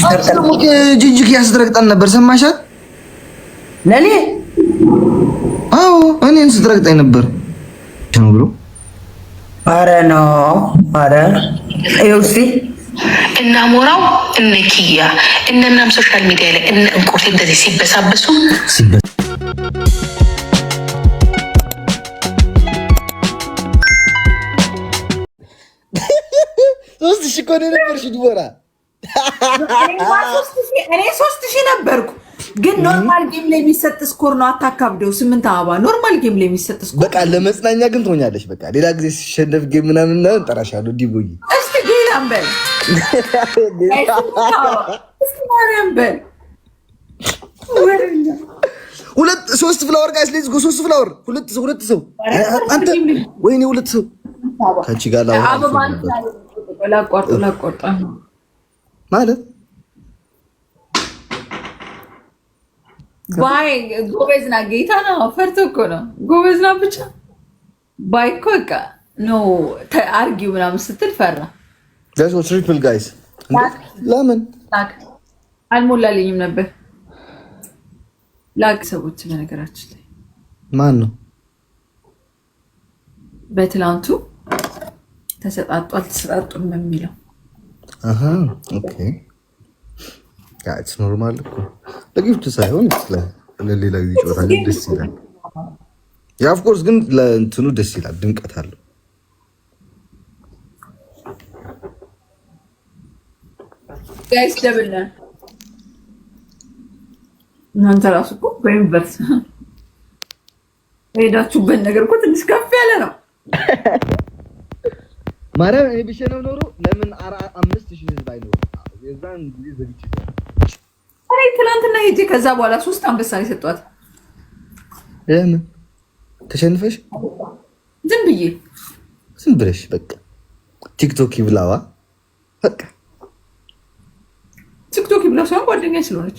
ጅጅግ ያስረግጠን ነበር። ሰማሻት? ለኔ አዎ፣ እኔን ስትረግጠኝ ነበር ብሎ አረ ነው አረ ይውሲ እና ሞራው እነ ኪያ እነ ምናምን ሶሻል ሚዲያ ላይ እነ እንቁርቴ እንደዚህ ሲበሳበሱ ሶስት ሺህ እኮ ነው የነበርሽ ድቦራ እኔ ሶስት ሺህ ነበርኩ። ግን ኖርማል ጌም ላይ የሚሰጥ ስኮር ነው። አታካብደው። ስምንት አበባ ኖርማል ጌም ላይ የሚሰጥ ስኮር በቃ ለመጽናኛ ግን ትሆኛለች። በቃ ሌላ ጊዜ ሲሸነፍ ጌም ምናምን እንጠራሻለሁ። ዲቦይ እስቲ ጌላም በል ማርያም በል ሁለት ሶስት ፍላወር ጋር ስለዚህ ሶስት ፍላወር ሁለት ሰው ሁለት ሰው አንተ ወይኔ ሁለት ሰው ከአንቺ ጋር ላቋርጦ ላቋርጦ ማለት ባይ ጎበዝና ጌታ ነው። ፈርቶ እኮ ነው ጎበዝና ብቻ ባይ እኮ በቃ ኖ አርጊው ምናምን ስትል ፈራ። ትሪፕል ጋይስ ለምን አልሞላልኝም ነበር። ላቅ ሰዎች በነገራችን ላይ ማን ነው በትላንቱ ተሰጣጡ አልተሰጣጡም የሚለው? ኖርማል እኮ ለጊፍት ሳይሆን ለሌላዊ ጨዋታ ግን ደስ ይላል። የኦፍኮርስ ግን ለእንትኑ ደስ ይላል፣ ድምቀት አለው። ጋይስ እናንተ ራሱ እኮ በዩኒቨርስ ሄዳችሁበት ነገር እኮ ትንሽ ከፍ ያለ ነው። ማርያም እኔ ብቻ ነው ኖሮ ለምን አምስት ሺህ ህዝብ አይኖርም? የዛን ጊዜ ዝግጅት እኔ ትናንትና ሄጄ ከዛ በኋላ ሶስት አንበሳ ነው የሰጧት። ለምን ተሸንፈሽ? ዝም ብዬ ዝም ብለሽ በቃ ቲክቶክ ይብላዋ በቃ ቲክቶክ ይብላው ሳይሆን ጓደኛ ስለሆነች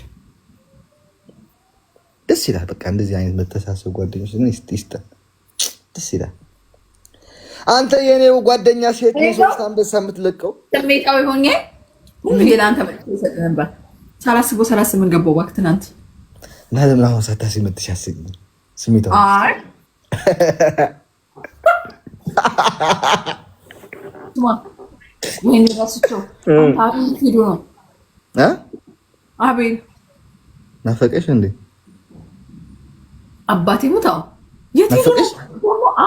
ደስ ይላል። በቃ እንደዚህ አይነት መተሳሰብ ጓደኞች ይስጠን፣ ደስ ይላል። አንተ የኔው ጓደኛ ሴት ነው ሶስት አንበሳ የምትለቀው ስሜታዊ ሆኜ ሁሉ የላንተ መልክ ይሰጥ ነበር። ሳላስቦ ሰላሳ ስምንት ገባው እባክህ ትናንት እና ለምን አሁን ሳታሲ መጥሽ አስኝ ስሜታዊ አይ ወይኔ አቤል ናፈቀሽ እንዴ አባቴ ሙታው የት ነው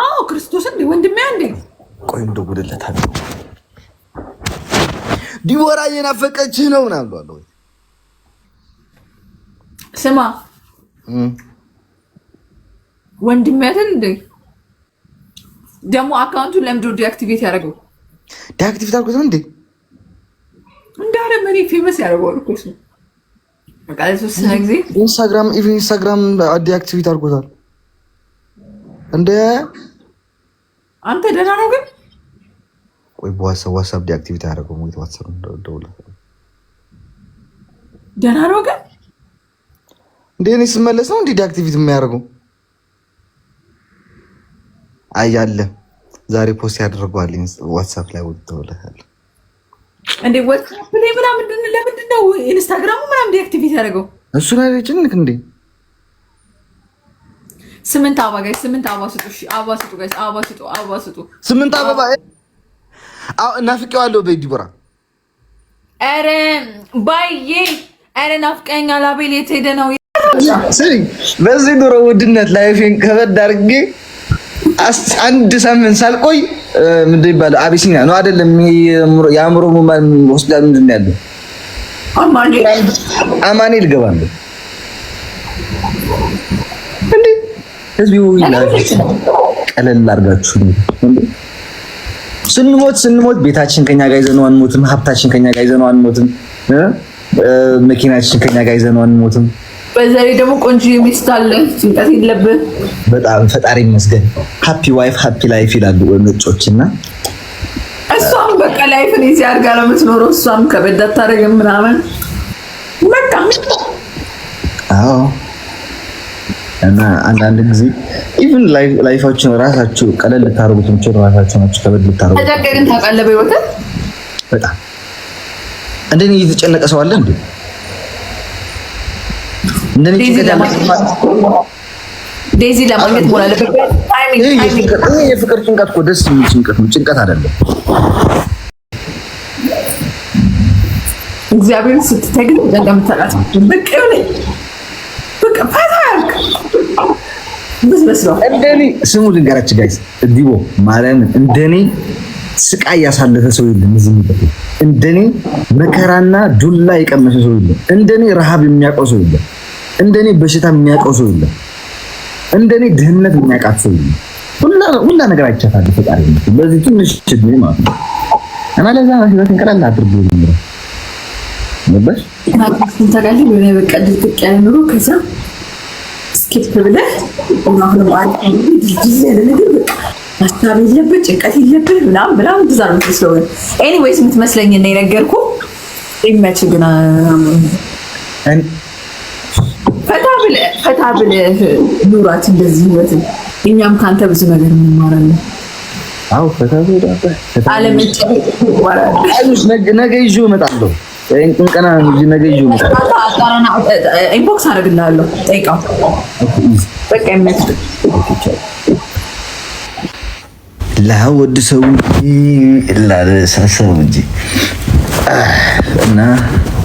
አዎ ክርስቶስ እንዴ ወንድሜ፣ አንዴ ቆይ እንደ ጉድለት አለ ዲቦራ እየናፈቀችህ ነው ምናምን ወይ ስማ ወንድሜ አይደል እንዴ? ደግሞ አካውንቱን ለምዶ ዲአክቲቬት ያደረገው ዲአክቲቬት አድርጎት ነው እንዴ? እንዳለ መሪ ፌመስ ያደረገው እኮ እሱ በቃ ለሶስት ጊዜ ኢንስታግራም ኢንስታግራም ዲአክቲቬት አድርጎታል። እንደ አንተ ደህና ነው ግን ወይ በዋትሳፕ ዋትሳፕ ዲአክቲቪቲ አደረገው ሞት ዋትሳፕ ደውላ ደህና ነው ግን እንደ እኔ ስመለስ ነው እንዲህ ዲአክቲቪቲ የሚያደርገው አያለ ዛሬ ፖስት ያደርገዋል ዋትሳፕ ላይ ወጥ ተወለታል እንዴ ዋትሳፕ ላይ ምናምን ለምንድን ነው ኢንስታግራሙ ምናምን ዲአክቲቪቲ እሱ ላይ ልጅ አይደችንክ እንዴ ስምንት አበባ ጋይስ፣ ስምንት አበባ ስጡ። እሺ አበባ ስጡ ጋይስ፣ አበባ ስጡ፣ አበባ ስጡ። ስምንት አበባ ናፍቄዋለሁ። በይ ዲቦራ፣ ኧረ ባዬ፣ ኧረ ናፍቀኸኛል። አቤል የት ሄደህ ነው? በዚህ ኑሮ ውድነት ላይፌን ከበድ አድርጌ አንድ ሳምንት ሳልቆይ ምንድን ይባላል አቢሲኒያ ነው አይደለም? የአእምሮ ሙማን ሆስፒታል ምንድን ነው ያለው? አማኑኤል ገባ ነው ህዝብ ቀለል አድርጋችሁ ስንሞት ስንሞት ቤታችን ከኛ ጋር ይዘነው አንሞትም። ሀብታችን ከኛ ጋር ይዘነው አንሞትም። መኪናችን ከኛ ጋር ይዘነው አንሞትም። በዛ ላይ ደግሞ ቆንጆ የሚስት አለ፣ ጭንቀት የለብህ። በጣም ፈጣሪ ይመስገን። ሀፒ ዋይፍ ሀፒ ላይፍ ይላሉ ነጮች እና እሷም በቃ ላይፍን ይዚ አድርጋ ነው የምትኖረው። እሷም ከበድ አታደርግም ምናምን በቃ አዎ እና አንዳንድ ጊዜ ኢቭን ላይፋችን ራሳችሁ ቀለል ልታደርጉት ምችሉ ራሳችሁ ናችሁ ከበድ ልታደርጉ ተጨገርን ታውቃለህ። በህይወት በጣም እንደኔ እየተጨነቀ ሰው አለ እንዴ? እንደኔ ዴዚ ለማግኘት ሆነ የፍቅር ጭንቀት እኮ ደስ የሚል ጭንቀት ነው። ጭንቀት አይደለም። እግዚአብሔርን ስትተግል እንደምታውቃት ብቅ ብቅ እንደኔ ስሙ ልንገራችሁ ጋይስ ዲቦ ማርያምን እንደኔ ስቃይ ያሳለፈ ሰው የለም እዚህ ምድር እንደኔ መከራና ዱላ የቀመሰ ሰው የለም። እንደኔ ረሃብ የሚያውቀው ሰው የለም። እንደኔ በሽታ የሚያውቀው ሰው የለም። እንደኔ ድህነት የሚያውቃት ሰው የለም። ሁላ ነገር አይቻታለሁ ፈጣሪ በዚህ ትንሽ እድሜ ማለት ነው እና ለዛ ህይወትን ቀላል አድርጎ ነበር ታቃስን ታቃሊ በቃ ድርቅ ያለ ኑሮ ከዛ ስኪፕ ብለህ አሁንም ያለ ነገር ሀሳብ የለብህ ጭንቀት የለብህ ምናምን ብላ ብዛ ነው የምትመስለው። ኤኒዌይስ የምትመስለኝ እና የነገርኩ ይመች ግን ፈታ ብለህ ኑራት እንደዚህ ህይወትን እኛም ከአንተ ብዙ ነገር እንማራለን። አዎ ፈታ ነገ ይዤ እመጣለሁ። እንቀና እንጂ ነገ ይዩ ኢንቦክስ አደርግልሃለሁ። በቃ ለወድ ሰው እንጂ እና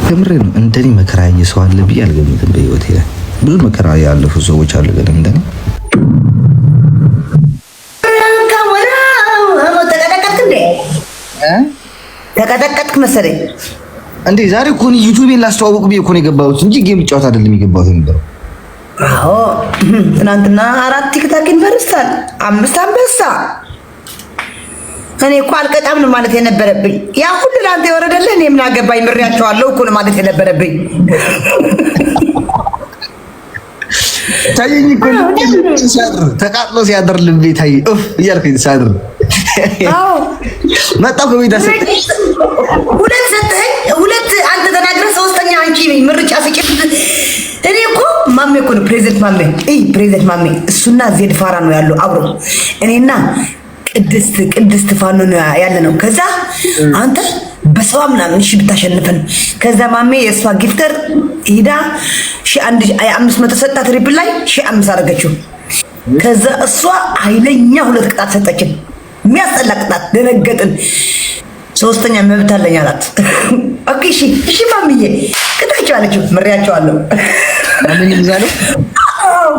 ከምሬ ነው። እንደኔ መከራ አለ ብዬ አልገምትም። በህይወቴ ላይ ብዙ መከራ ያለፉ ሰዎች አሉ፣ ግን እንደኔ ተቀጠቀጥክ መሰለኝ እንዴ ዛሬ እኮ ነው ዩቲዩብን ላስተዋወቅ ብዬ እኮ ነው የገባሁት እንጂ ጌም ጫወት አይደለም የገባሁት የነበረው። አዎ ትናንትና አራት ቲክታክ ይንበርሳል፣ አምስት አንበሳ። እኔ እኮ አልቀጣም ነው ማለት የነበረብኝ። ያ ሁሉ ለአንተ የወረደልህ እኔ ምን አገባኝ፣ ምሬያቸዋለሁ እኮ ነው ማለት የነበረብኝ። ታየኝ እኮ ሲያድር ተቃጥሎ ሲያድር ልቤ ታየ። እፍ እያልኩኝ ሳድር መጣሁ ከቤት ሁለት ሰጠህ ምርጫ ስጭ። እኔ እኮ ማሜ እኮ ነው ፕሬዚደንት ማሜ እይ ፕሬዚደንት ማሜ እሱና ዜድ ፋራ ነው ያሉ አብሮ እኔና ቅድስት ቅድስት ፋኖ ያለ ነው። ከዛ አንተ በሰዋ ምናምን ሺህ ብታሸንፈን ከዛ ማሜ የእሷ ጊፍተር ሂዳ አምስት መቶ ሰጣት። ሪፕል ላይ ሺህ አምስት አደረገችው። ከዛ እሷ ኃይለኛ ሁለት ቅጣት ሰጠችን። የሚያስጠላ ቅጣት ደነገጥን። ሶስተኛ መብት አለኝ አላት። እሺ እሺ ማምዬ ቅጣቸው አለችው። ምሬያቸዋለሁ። ማንንም ዛሉ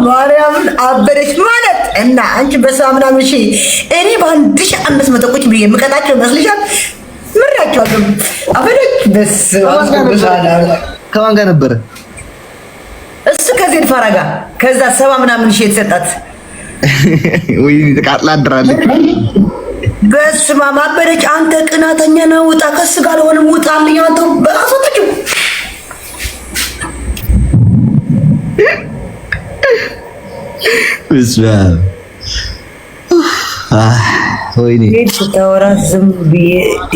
ማርያምን አበደች ማለት እና አንቺ በሰባ ምናምን እኔ በአንድ ሺ አምስት መቶ ቁጭ ብዬ የምቀጣቸው ይመስልሻል? ምሬያቸዋለሁ። አበደች። ከማን ጋር ነበረ እሱ? ከዜድ ፋራ ጋር። ከዛ ሰባ ምናምን ሺ የተሰጣት ወይ ቃጥላ አድራለች። በስማ ማበደች አንተ ቅናተኛ ነህ። ውጣ ከስ ጋር አልሆንም። ውጣ አለኝ። አንተ በአሶተች ብስማ ወይኔ ስታወራት ዝም ብዬ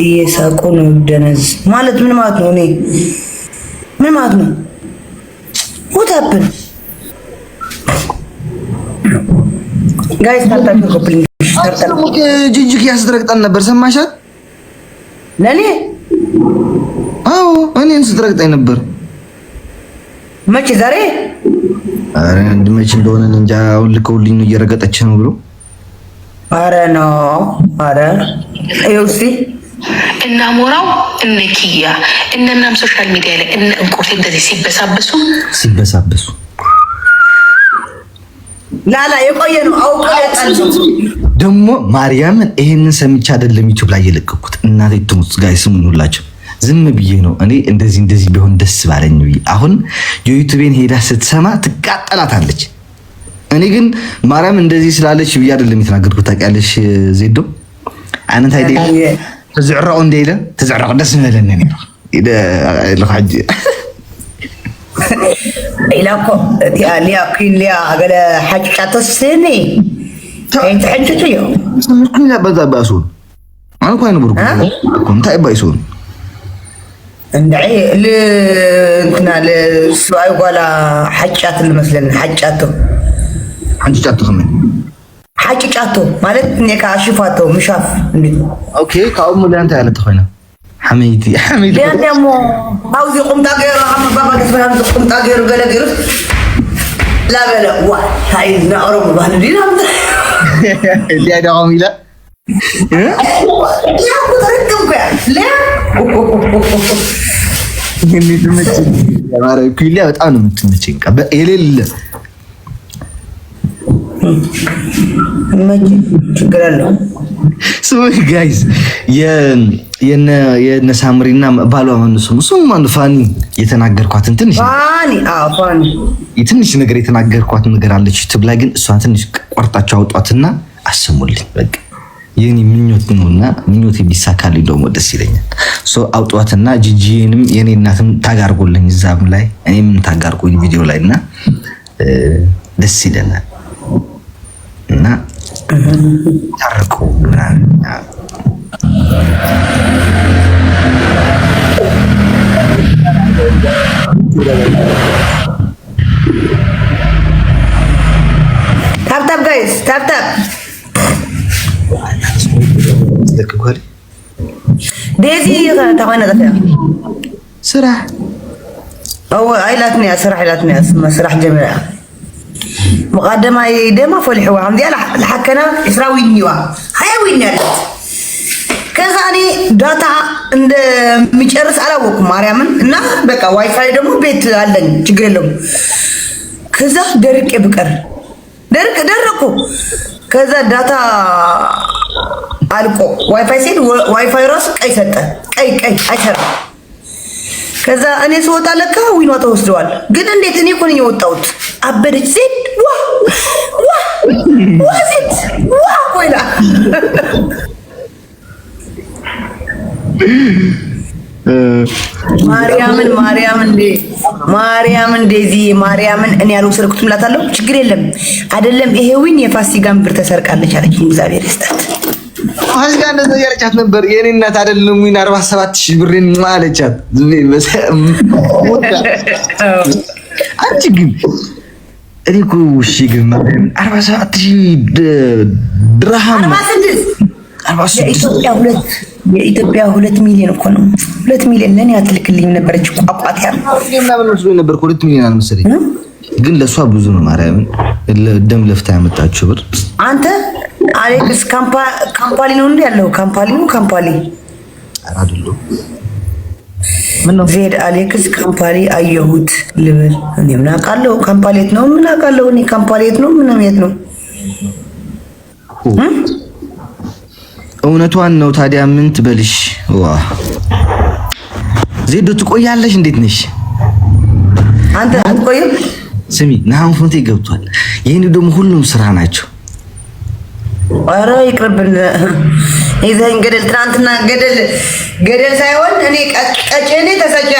እየሳቁ ነው። ደነዝ ማለት ምን ማለት ነው? እኔ ምን ማለት ነው? ውታብን ጋይስ ታታችሁ ጅጅክ ያስረግጠን ነበር። ሰማሻት? ለኔ አዎ፣ እኔን ስትረግጠኝ ነበር። መቼ? ዛሬ? አረ እንድ መቼ እንደሆነ እንጃ። አሁን ልከውልኝ ነው እየረገጠች ነው ብሎ። አረ ነው አረ ይኸው እስኪ እነ አሞራው እነ ኪያ እነናም ሶሻል ሚዲያ ላይ እነ እንቁርቴ እንደዚህ ሲበሳበሱ ሲበሳበሱ ላላ የቆየ ነው አውቀ ደግሞ ማርያምን ይሄንን ሰምቼ አይደለም ላይ የለቀኩት። እናቴ ትሙት ስሙን ሁላቸው ዝም ብዬ ነው እኔ እንደዚህ እንደዚህ ቢሆን ደስ ባለኝ ብዬ። አሁን የዩቲዩቤን ሄዳ ስትሰማ ትቃጠላታለች። እኔ ግን ማርያም እንደዚህ ስላለች ብዬ አይደለም የተናገርኩት። ታውቂያለሽ ዜዶ አነት አይደ ተዝዕረቁ እንደኢለ ተዝዕረቁ ደስ ንበለኒ ነ ኢላ ኮ እቲያ ሊያ ኩን ሊያ አገለ ሓጭቃ ተስኒ ይንቲ ሕንጭጩ እዮ ምርኩን ኢላ በዛ ባሱን ኣነ ኳይ ንብር እንታይ ባይሱን እንዳይ እንትና ሰብኣይ ጓላ ሓጫት ዝመስለኒ ሓጫቶ ሓንቲ ጫቶ ከመ ሓጭጫቶ ማለት ኔካ ኣሽፋቶ ምሻፍ እንዴት ኦኬ ካብኡ ሙሉ እንታይ ዓይነት ቢያን ደግሞ ባውዚ ቁምጣ ገይሩ መባባገስ በሃምዚ ቁምጣ ገይሩ ገለገሉ ላበለ ዋ ሃይልና ኦሮሞ ባህል ዲና እሊያ ዳቆም ኢላ ኩሊያ በጣም ነው የምትመቸኝ። የሌለ ችግር አለው። ጋይዝ የነ ሳምሪና ባሏ መንሱም እሱም አንድ ፋኒ የተናገርኳትን ትንሽ የትንሽ ነገር የተናገርኳት ነገር አለች ዩቲዩብ ላይ ግን እሷን ትንሽ ቆርጣቸው አውጧትና አሰሙልኝ። በቃ የኔ ምኞት ነውና ምኞት ቢሳካልኝ ደግሞ ደስ ይለኛል። ሶ አውጧትና ጂጂንም የኔ እናትም ታጋርጎልኝ እዛም ላይ እኔም ታጋርጎኝ ቪዲዮ ላይ እና ደስ ይለናል እና ታርቁ ምናምን ታፕታፕ ጋይስ ታፕታፕ ዴዚ ተኮነ ስራሕ ኢላትኒያ ስራሕ ኢላትኒያ ስራሕ ጀሚራ መቃደማይ ደማ ፈሊሕዋ ከምዚኣ ዝሓከና ዕስራ ዊኒዋ ሃያ ዊኒ ኣለት ከዛ እኔ ዳታ እንደሚጨርስ አላወቅኩም ማርያምን። እና በቃ ዋይፋይ ደግሞ ቤት አለኝ ችግር የለም። ከዛ ደርቄ ብቀር ደርቅ ደረኩ። ከዛ ዳታ አልቆ ዋይፋይ ሲሄድ ዋይፋይ ራሱ ቀይ ሰጠ። ቀይ ቀይ አይሰራም። ከዛ እኔ ስወጣ ለካ ዊኗ ተወስደዋል። ግን እንዴት እኔ እኮ ነኝ የወጣሁት። አበደች ሴት ዋ ዋ ዋ ሴት ዋ ኮይላ ማርያምን ማርያምን ማርያምን ዴዚ ማርያምን እኔ ያልወሰድኩትም ላታለሁ። ችግር የለም አይደለም። ይሄውኝ የፋሲካን ብር ተሰርቃለች አለች። እግዚአብሔር ይስጣት። ፋሲካ እንደዛ እያለቻት ነበር። የኔ እናት አይደለም ወይ አርባ ሺህ ብሬን አንቺ ግን እኔ እኮ እሺ ግን አርባ ሰባት ሺህ ድርሃም አርባ ስድስት የኢትዮጵያ ሁለት ሚሊዮን እኮ ነው። ሁለት ሚሊዮን ለእኔ አትልክልኝ ነበረች እኮ ቋቋትያ ነበር። ሁለት ሚሊዮን አልመሰለኝ፣ ግን ለእሷ ብዙ ነው። ማርያምን ደም ለፍታ ያመጣችው ብር አንተ አሌክስ ካምፓሊ ነው እንዲ ያለው ካምፓሊ ነው ካምፓሊ አይደለም። ዜድ አሌክስ ካምፓሊ አየሁት ልብል እኔ ምን አውቃለሁ? ካምፓሌት ነው ምን አውቃለሁ? እኔ ካምፓሌት ነው ምንም የት ነው እውነቷን ነው። ታዲያ ምን ትበልሽ? ዋ ዜዶ ትቆያለሽ። እንዴት ነሽ አንተ? አትቆይም። ስሚ ናሁን ፎንቴ ገብቷል። ይህን ደግሞ ሁሉም ስራ ናቸው። ኧረ ይቅርብን። ይዘኝ ገደል ትናንትና ገደል ገደል ሳይሆን እኔ ቀጭኔ ተሰጭ